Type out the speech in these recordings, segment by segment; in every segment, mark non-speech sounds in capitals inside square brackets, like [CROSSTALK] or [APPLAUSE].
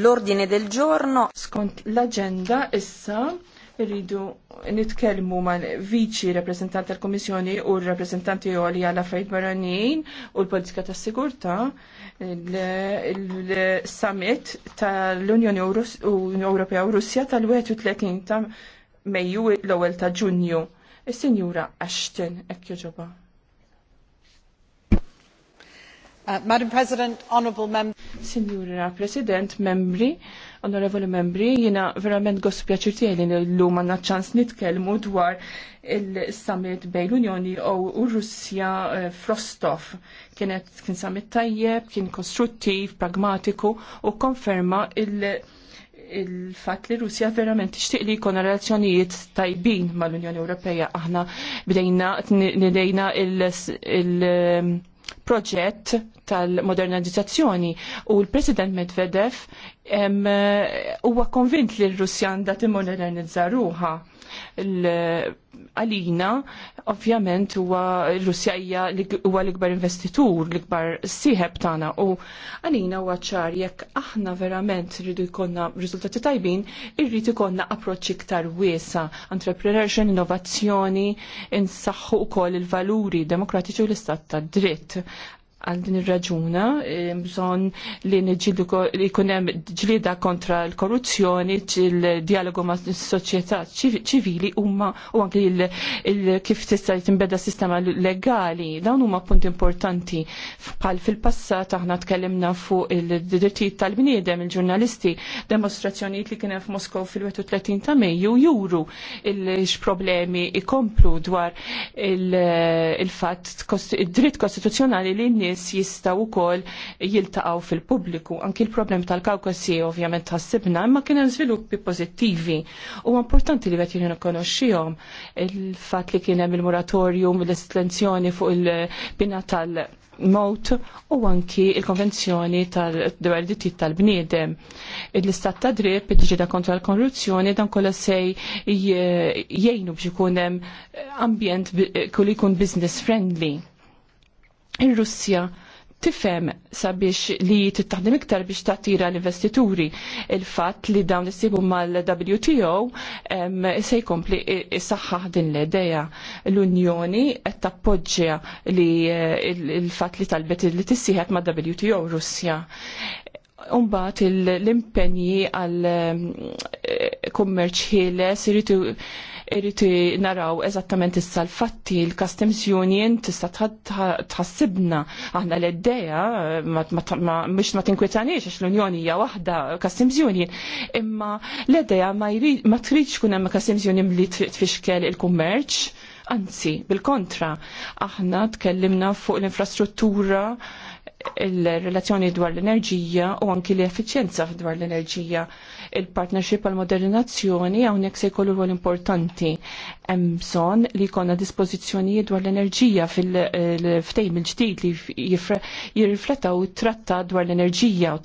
L-ordine del giorno. Skont l-agenda issa rridu nitkellmu mal viċi rappresentant tal-Komissjoni u r-rappresentanti għolja għal affarijiet barranin u l-politika tas sigurta l-summit tal-Unjoni Ewropea u Russja tal-31 ta' Mejju l-ewwel ta' Ġunju. Is-Sinjura Ashton hekk uh, Madam President, Honourable Members. Signora President, membri, onorevoli membri, jina verament għos pjaċir tiegħi li l-lum għanna ċans nitkellmu dwar il-summit bej l-Unjoni u Russja eh, Frostov. Kienet kien summit tajjeb, kien konstruttiv, pragmatiku u konferma il- il-fat li Russja verament tixtieq li jkun relazzjonijiet tajbin mal-Unjoni Ewropea. Aħna bdejna nidejna il proġett tal-modernizzazzjoni u l-President Medvedev huwa konvint li r-Russja għandha timmodernizza ruha għalina, ovvjament, huwa Russja hija huwa l-ikbar investitur, l-ikbar sieħeb tagħna u għalina huwa ċar jekk aħna verament rridu jkollna riżultati tajbin, irrid ikollna approċ iktar wiesa, entrepreneurship, innovazzjoni, insaħħu wkoll il-valuri demokratiċi u l-istat tad dritt għal din ir-raġuna e, bżonn li jkunem jkun hemm ġlieda kontra l-korruzzjoni, il-dialogu ma' s-soċjetà ċivili huma u anke kif tista' tinbeda sistema legali. Dawn huma punt importanti bħal fil-passat aħna tkellimna fuq il-drittijiet tal-bniedem il-ġurnalisti demostrazzjonijiet li kien hemm f'Moskow fil-31 ta' Mejju juru il problemi ikomplu dwar il-fatt id-dritt kostituzzjonali li n nies jistgħu wkoll jiltaqgħu fil-pubbliku. Anki l-problem tal-Kawkasi ovvjament ħassibna, imma kien hemm żviluppi pożittivi. U importanti li qed jien il-fatt li kien hemm il-moratorium, l-estenzjoni fuq il-bina tal- mot u anki il-konvenzjoni tal-dwar dittit tal-bniedem. L-istat ta' drib, il-ġida kontra l-korruzzjoni, dan kolla sej jgħinu biex ikunem ambjent eh, kulli jkun business friendly il russja tifhem sabiex li tittaħdem iktar biex tattira l-investituri il-fatt li dawn issibu mal-WTO se jkompli saħħaħ din l-ideja. L-Unjoni qed tappoġġja li eh, il-fatt li talbet li tissieħed ma' WTO Russja. Umbat l-impenji għal eh, kummerċ ħieles irritu naraw eżattament issa l-fatti l-Customs Union tista tħassibna aħna l-eddeja mux ma tinkwitanix għax l-Unjoni hija waħda Customs Union imma l-eddeja ma tridx kun hemm Customs Union li tfixkel il-kummerċ anzi bil-kontra aħna tkellimna fuq l-infrastruttura il-relazzjoni dwar l-enerġija u anki l-effiċjenza dwar l-enerġija. Il-partnership għal modernizzazzjoni hawnhekk se jkollu għol importanti. Hemm bżonn li jkollna dispożizzjonijiet dwar l-enerġija fil-ftejm il-ġdid li jirriflettaw u tratta dwar l-enerġija u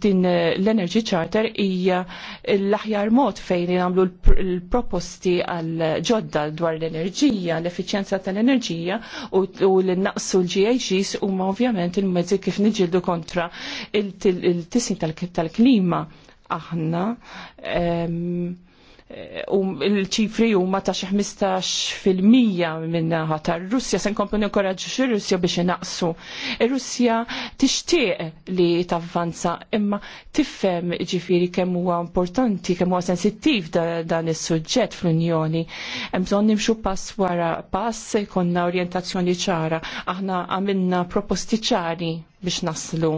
din l-Energy Charter hija l-aħjar mod fejn jagħmlu l-proposti għal ġodda dwar l-enerġija, l-effiċjenza tal-enerġija u l-naqsu l u huma ovvjament il-mezzi kif niġildu kontra il-tisin tal-klima. Aħna il-ċifri huma ta' xi 15% minna tar-Russja se nkomplu ninkoraġġu ir-Russja biex naqsu. Ir-Russja tixtieq li tavvanza imma tifhem ġifiri kemm huwa importanti, kemm huwa sensittiv dan is-suġġett fl-Unjoni. Hemm bżonn nimxu pass wara pass jkollna orjentazzjoni ċara. Aħna għamilna proposti ċari biex naslu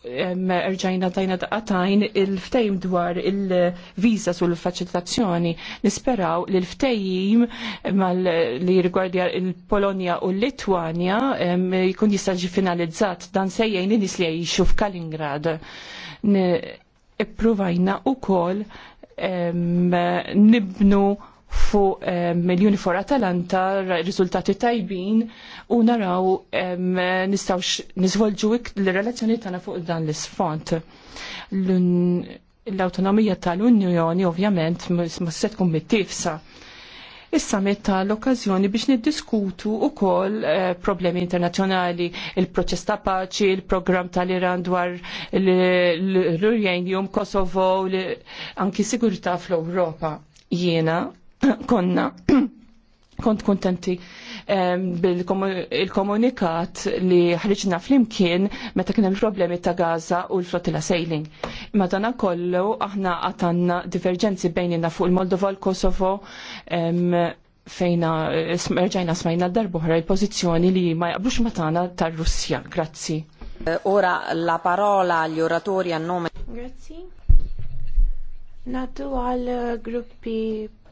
Rġajna tajna daqatajn il-ftejm dwar il-viza sul faċilitazzjoni Nisperaw li l-ftejm li rigwardja il-Polonia u l-Litwania jkun jista' finalizzat dan sejjejn nis li jgħixu f'Kalingrad. Ippruvajna u kol nibnu fuq eh, miljoni for Atalanta riżultati tajbin u naraw nistawx nizvolġu l-relazzjoni tagħna fuq dan l sfont L-autonomija tal-Unjoni ovvjament ma se tkun mit-tifsa. Issa metta l-okkazjoni biex niddiskutu u kol eh, problemi internazjonali, il-proċess ta' paċi, il-program tal-Iran dwar l-Urjenium, Kosovo, anki sigurta fl-Europa. Jiena [COUGHS] konna [COUGHS] kont kontenti ehm, bil-komunikat li ħriġna fl-imkien meta kien il-problemi ta' Gaza u l-flottila sailing. Madana kollu aħna għatanna diverġenzi bejnina fuq il-Moldova l-Kosovo ehm, fejna smerġajna smajna darbuħra il-pozizjoni li ma jaqblux matana tar-Russja. Grazzi. Eh, ora la parola agli oratori a nome. Grazie. Ngħaddu għal gruppi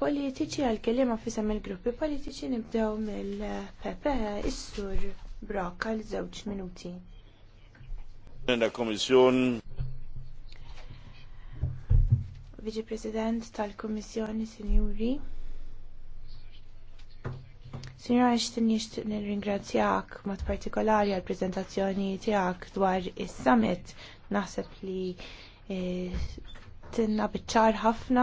politiċi, għal kelima fisa il-gruppi politiċi nibdew mill-Pepe is-sur Brock għal żewġ minuti. Viċi President tal-Komissjoni Sinjuri. Signora Ashton jishtiq nir-ringrazzjak mat partikolari għal prezentazzjoni tijak dwar is-summit. Naħseb li eh, tinna biċċar ħafna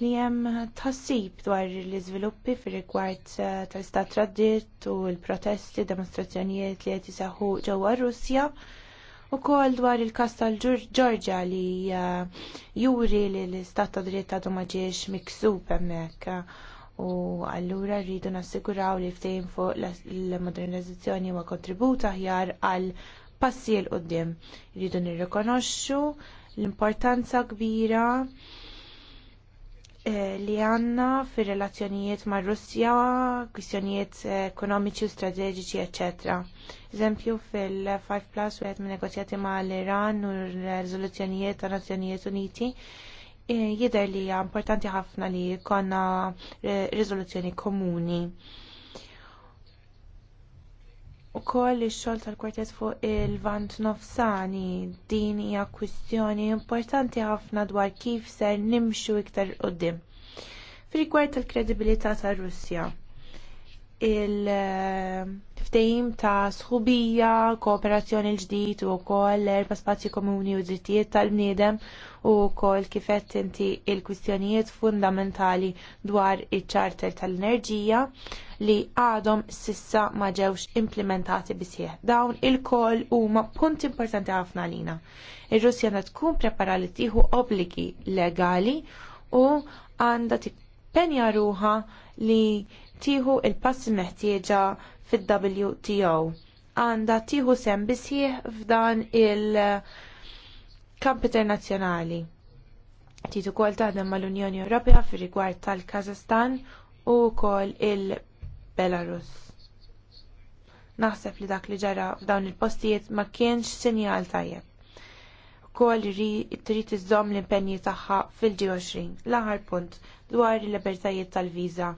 li hemm tħassib dwar l-iżviluppi fir-rigward eh, tal-istat raddit u l-protesti, demonstrazzjonijiet li qed saħu ġewwa Russja u kol dwar il-kas tal-ġorġa li eh, juri li l-istat ta' dritt għadu maġiex miksub emmek u allura rridu nassiguraw li ftejn fuq l-modernizzazzjoni u kontributa ħjar għal passi l qoddim Rridu nirrikonoxxu l-importanza kbira eh, li għanna fir relazzjonijiet ma' Russja, kwistjonijiet eh, ekonomiċi u strateġiċi, etc. Eżempju fil-5 plus u għed negozjati ma' l-Iran u r-rezoluzzjonijiet ta' Nazzjonijiet Uniti, eh, jider li importanti ħafna li konna riżoluzzjoni komuni ukoll ix-xogħol tal-kwartet fuq il-vant nofsani din hija kwistjoni importanti ħafna dwar kif ser nimxu iktar qoddim. Fir-rigward tal-kredibilità tar-Russja il-ftejim ta' sħubija, kooperazzjoni l-ġdid u kol erba spazji komuni u drittijiet tal-bniedem u kol kifet inti il-kwistjonijiet fundamentali dwar il-ċarter tal-enerġija li għadhom sissa ma ġewx implementati bisieħ. Dawn il-kol huma punt importanti ħafna lina. Ir-Russja għandha tkun prepara li tieħu obbligi legali u għandha tippenja ruħa li tieħu il-passi meħtieġa fil wto Għandha tieħu sem bisħieħ f'dan il-kamp internazzjonali. Titu kol taħdem mal-Unjoni Ewropea fir rigward tal-Kazastan u kol il-Belarus. Naħseb li dak li ġara f'dawn il-postijiet ma kienx sinjal tajjeb li trid iżżomm l-impenji tagħha fil-G20. L-aħħar punt dwar il-libertajiet tal-viża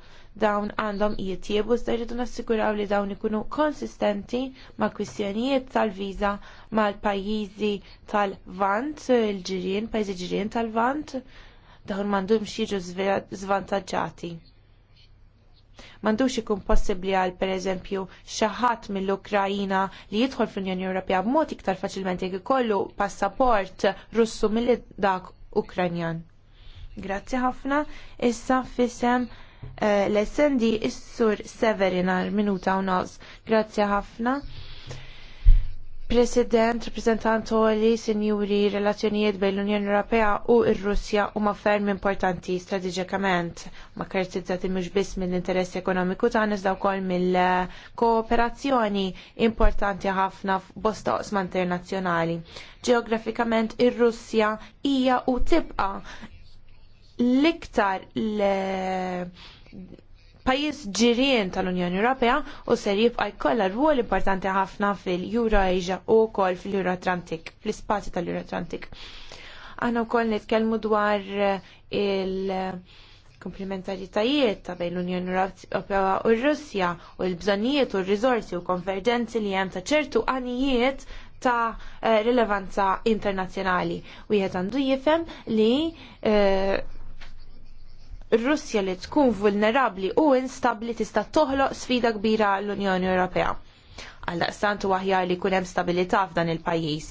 dawn għandhom jittiebu iżda jridu nassiguraw li dawn ikunu konsistenti ma' kwistjonijiet tal-viża mal-pajjiżi tal-Vant, il-ġirien, pajjiżi ġirien tal-Vant, dawn m'għandhomx jiġu żvantaġġati. M'għandux ikun possibbli għal pereżempju xi ħadd mill-Ukrajina li jidħol fl-Unjoni Ewropea b'mod iktar faċilment jekk ikollu passaport Russu milli dak Ukranjan. Grazzi ħafna. Issa fisem eh, l-essendi is-sur Severin għal minuta u nos. Grazzi ħafna. President, rappresentant sinjuri relazzjonijiet bejn l-Unjoni Ewropea u r-Russja huma ferm importanti strategikament. ma karakterizzati mhux biss mill-interess ekonomiku tagħna iżda wkoll mill-kooperazzjoni importanti ħafna f'bosta oqsma internazzjonali. Ġeografikament ir-Russja hija u tibqa l-iktar l pajjiż ġirien tal-Unjoni Ewropea u ser jibqa' jkollha rwol importanti ħafna fil-Eurasia u wkoll fil Atlantik, fl-ispazju tal Atlantik. Aħna wkoll nitkellmu dwar eh, il- komplementaritajiet ta' bejn l-Unjoni Ewropea u r-Russja u l-bżonnijiet u r-riżorsi u konverġenzi li hemm ta' ċertu għanijiet ta' eh, rilevanza internazzjonali. Wieħed għandu jifhem li eh, Russja li tkun vulnerabli u instabli tista' toħloq sfida kbira l-Unjoni Ewropea. Għaldaqstant u aħjar li jkun hemm stabilità f'dan il-pajjiż.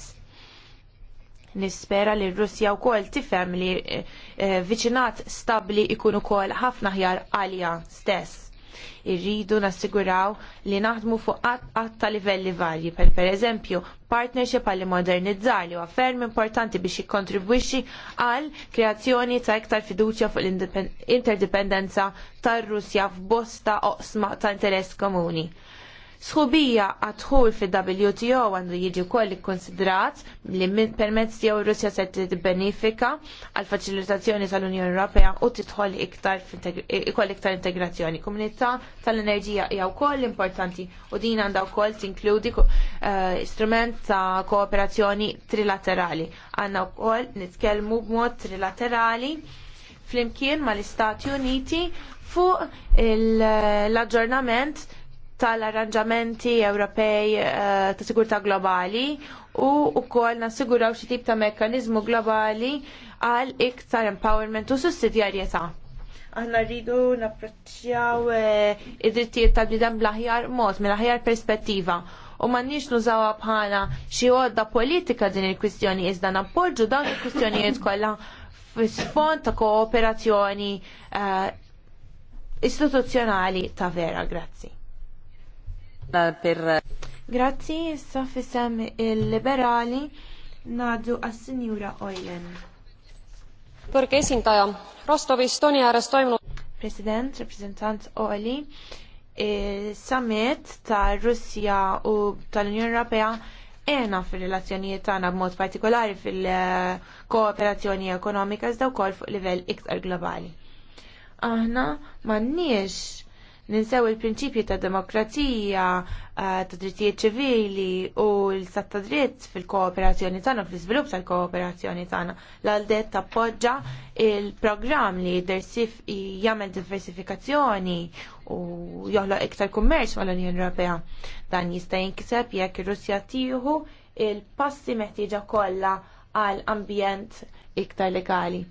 Nispera li r-Russja wkoll tifhem li eh, eh, viċinat stabbli jkun ukoll ħafna ħjar għalija stess Irridu nassiguraw li naħdmu fuq qatt ta' livelli varji, per pereżempju partnership għalli modernizzar li għaffermi importanti biex jikkontribwixxi għal kreazzjoni ta' iktar fiduċja fuq l-interdipendenza tar-Russja f'bosta oqsma ta' interess komuni. Sħubija għadħul fi WTO għandu jiġi wkoll ikkonsidrat li permezz tiegħu Russja se tibbenifika għal faċilitazzjoni tal-Unjoni Ewropea u tidħol iktar ikoll iktar integrazzjoni. Komunità tal-enerġija hija wkoll importanti u din għandha wkoll tinkludi eh, strument ta' kooperazzjoni trilaterali. Għandna wkoll nitkellmu b'mod trilaterali flimkien mal-Istati Uniti fuq l-aġġornament tal-arranġamenti Ewropej eh, ta' sigurtà globali u wkoll nassiguraw xi tip ta' mekkaniżmu globali għal iktar empowerment u sussidjarjetà. Aħna rridu napprezzjaw eh, id-drittijiet tal bidem bl-aħjar mod, mill-aħjar perspettiva u nix nużawa bħala xi għodda politika din il-kwistjoni iżda nappoġġu dawn il-kwistjonijiet kollha fis-sfond ta' kooperazzjoni eh, istituzzjonali ta' vera, grazzi. Per... Grazzi, issa fissem il-liberali nadu għas-Sinjura Ojen. Turki esintaja, Rostov Estonia ääres toimunud President, reprezentant Oli, summit ta' russija u tal-Unjoni Europea ena fil-relazzjonijiet tagħna b'mod partikolari fil-kooperazzjoni ekonomika iżda wkoll fuq livell iktar globali. Aħna m'għandniex ninsew il-prinċipji ta' demokrazija, eh, ta' drittijiet ċivili u l-sat ta' dritt fil-kooperazzjoni tagħna fl-iżvilupp tal-kooperazzjoni tagħna. L-għaldet tappoġġa il-programm li dersif jagħmel diversifikazzjoni u joħloq iktar kummerċ mal-Unjoni Ewropea. Dan jista' jinkiseb jekk ir-Russja tieħu il-passi meħtieġa kollha għal ambjent iktar legali.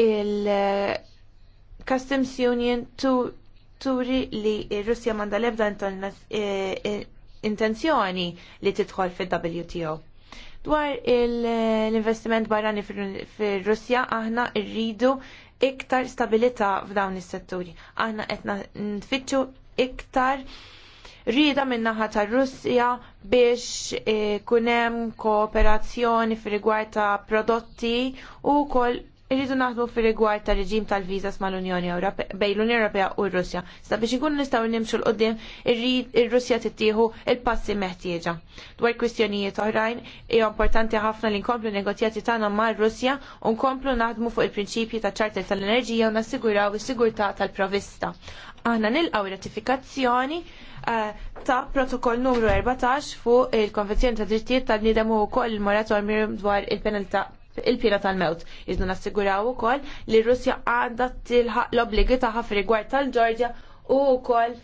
Il-Customs Union turi li r-Russja manda lebda eh, eh, intenzjoni li tidħol fil-WTO. Dwar l-investiment barrani fil-Russja, aħna rridu iktar stabilita f'dawn is-setturi. Aħna qed nfittxu iktar rida minnaħa tar Russja biex eh, kunem kooperazzjoni fil rigward ta' prodotti u kol irridu naħdmu fir rigward ta' reġim tal-viżas mal-Unjoni Ewropea bejn l-Unjoni Ewropea u r-Russja. Sta biex inkunu nistgħu nimxu l qudiem ir-Russja tittieħu il-passi meħtieġa. Dwar kwistjonijiet oħrajn hija importanti ħafna li nkomplu negozjati tagħna mar-Russja u nkomplu naħdmu fuq il-prinċipji ta' ċarter tal-enerġija u nassiguraw is-sigurtà tal-provista. Aħna nilqgħu ratifikazzjoni eh, ta' protokoll numru 14 fuq il-Konvenzjoni ta' Drittijiet tal-Nidem u wkoll il moratorium dwar il-penalità il-pina tal-mewt. Iżna nassiguraw ukoll li Russja għandha tilħaq l-obligi tagħha fir-rigward tal-Ġorġja u wkoll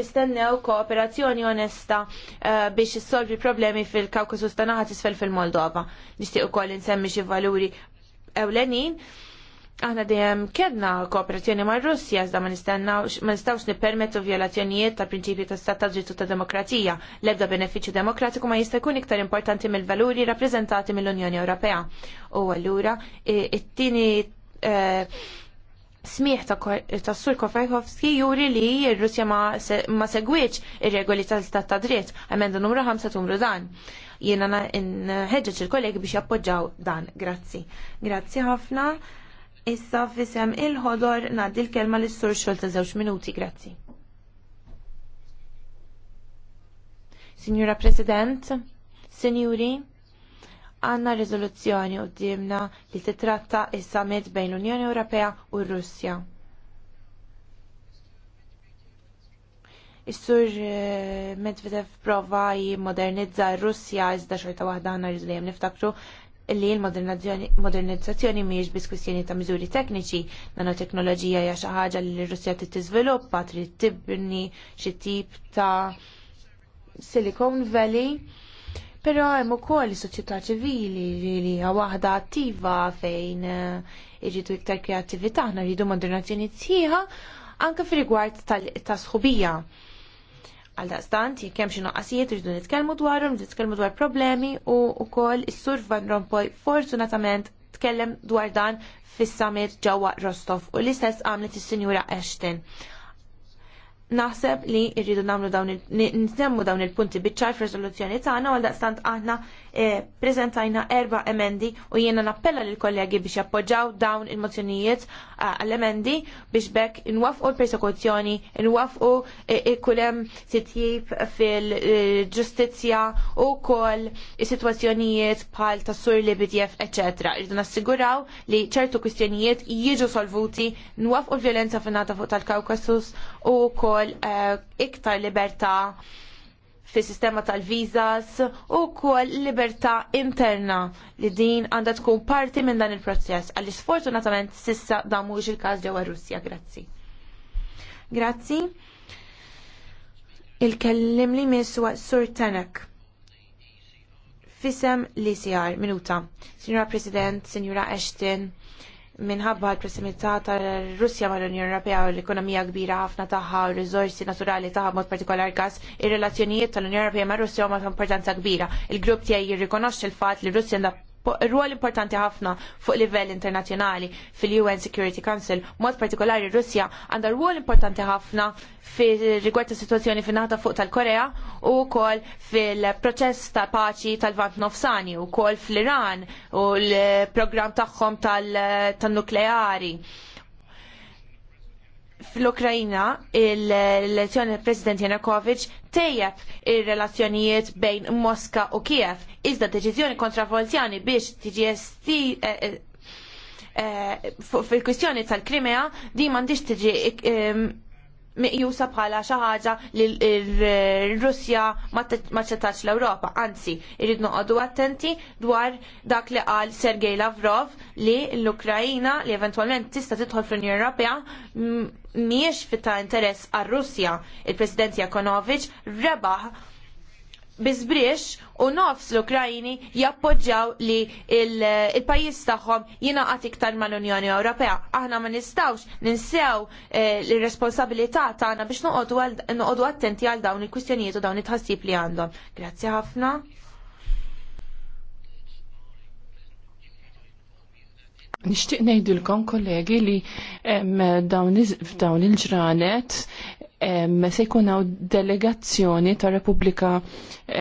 nistennew kooperazzjoni onesta eh, biex issolvi problemi fil-Kawkasus tanaħat isfel fil-Moldova. Nixtieq ukoll insemmi xi valuri ewlenin Aħna dejjem kedna kooperazzjoni mar Russja iżda ma nistgħux nippermettu vjolazzjonijiet ta' prinċipju ta' stat ta' ta' demokrazija. L-ebda benefiċċju demokratiku ma jista' jkun iktar importanti mill-valuri rappreżentati mill-Unjoni Ewropea. U allura it-tieni eh, smieħ ta' Sur Kofajkovski juri li r-Russja ma segwiċ ir-regoli tal stat ta' dritt, emenda numru 5 tumru dan. Jiena nħeġġeġ il-kollegi biex jappoġġaw dan. Grazzi. Grazzi ħafna. Issa fisem il-ħodor naddi l-kelma l sur xol ta' zewġ minuti, grazzi. Signora President, Signori, għanna rezoluzzjoni u dimna li titratta il summit bejn l-Unjoni Ewropea u r-Russja. Is-sur eh, Medvedev prova jimmodernizza r-Russja iżda xorta waħda għanna rizlijem niftakru illi l-modernizzazzjoni mhijiex biss kwistjoni ta' miżuri tekniċi, nanoteknoloġija hija xi ħaġa li r-Russja trid tiżviluppa, trid tibni xi tip ta' Silicon Valley. Però hemm ukoll is-soċjetà ċivili li hija waħda attiva fejn eh, irridu iktar kreattività, aħna rridu modernizzazzjoni sħiħa anke fir-rigward ta' sħubija. Għal daqstant, kemm xi noqqasijiet rridu nitkellmu dwarhom, nitkelmu dwar problemi u wkoll is-Sur Van Rompuy fortunatament tkellem dwar dan fis-summit ġewwa Rostov u l-istess għamlet is-Sinjura Ashton naħseb li irridu namlu dawn il-nsemmu dawn il-punti biċċar f'riżoluzzjoni tagħna għal daqstant aħna eh, prezentajna erba emendi u jiena nappella lil kollegi biex jappoġġaw dawn il-mozzjonijiet eh, għall-emendi biex bekk inwafqu l-persekuzzjoni, inwafqu eh, ikkulem sitjib fil-ġustizzja u kol situazzjonijiet bħal tassur li bidjef, eccetera. Irridu nassiguraw li ċertu kwistjonijiet jiġu solvuti, nwafqu l-violenza finata fuq tal-Kawkasus u kol ukoll uh, eh, iktar libertà fis sistema tal-vizas u kol libertà interna li din għandha tkun parti minn dan il-proċess Għallis fortunatament sissa dan mhux il-każ ġewwa Russja. Grazzi. Grazzi. Il-kellim li miswa Sur Tanak fisem li sijar, minuta. Signora President, Signora Ashton, minħabba l-prossimità tal-Russja mal unjoni Ewropea u l-ekonomija kbira ħafna tagħha u r-riżorsi naturali tagħha mod partikolar gas, ir-relazzjonijiet tal-Unjoni Ewropea mar Russja huma ta' importanza kbira. Il-grupp tiegħi jirrikonoxxi l-fatt li Russja rwol importanti ħafna fuq livell internazzjonali fil-UN Security Council, mod partikolari Russja għandha rwol importanti ħafna fil-rigward ta' situazzjoni finata fuq tal-Korea u kol fil-proċess ta' paċi tal-Vant Nofsani u kol fil-Iran u l-program tagħhom tal-nukleari. Tal fl-Ukrajina l-elezzjoni President Janukovic tejjeb ir-relazzjonijiet bejn Moska u Kiev. Iżda deċiżjoni Volzjani biex tiġi eh, eh, eh, fil-kwistjoni tal-Krimea di mandiġ tiġi miqjusa bħala xi ħaġa li r-Russja ma ċetax l-Ewropa. Anzi, irrid noqogħdu attenti dwar dak li qal Sergej Lavrov li l-Ukrajina li eventwalment tista' tidħol fl-Unjoni Ewropea mhijiex fit ta' interess għar-Russja. Il-President Jakonovic rebaħ bizbriex u nofs l-Ukrajini jappoġġaw li il-pajis tagħhom jingħaqad iktar mal-Unjoni Ewropea. Aħna ma nistgħux ninsew eh, l-responsabilità tagħna biex noqogħdu attenti għal dawn il-kwistjonijiet u dawn it-tħassib li għandhom. Grazzi ħafna. Nishtiq l-kon kollegi li dawn il-ġranet se jkun hawn delegazzjoni tar Repubblika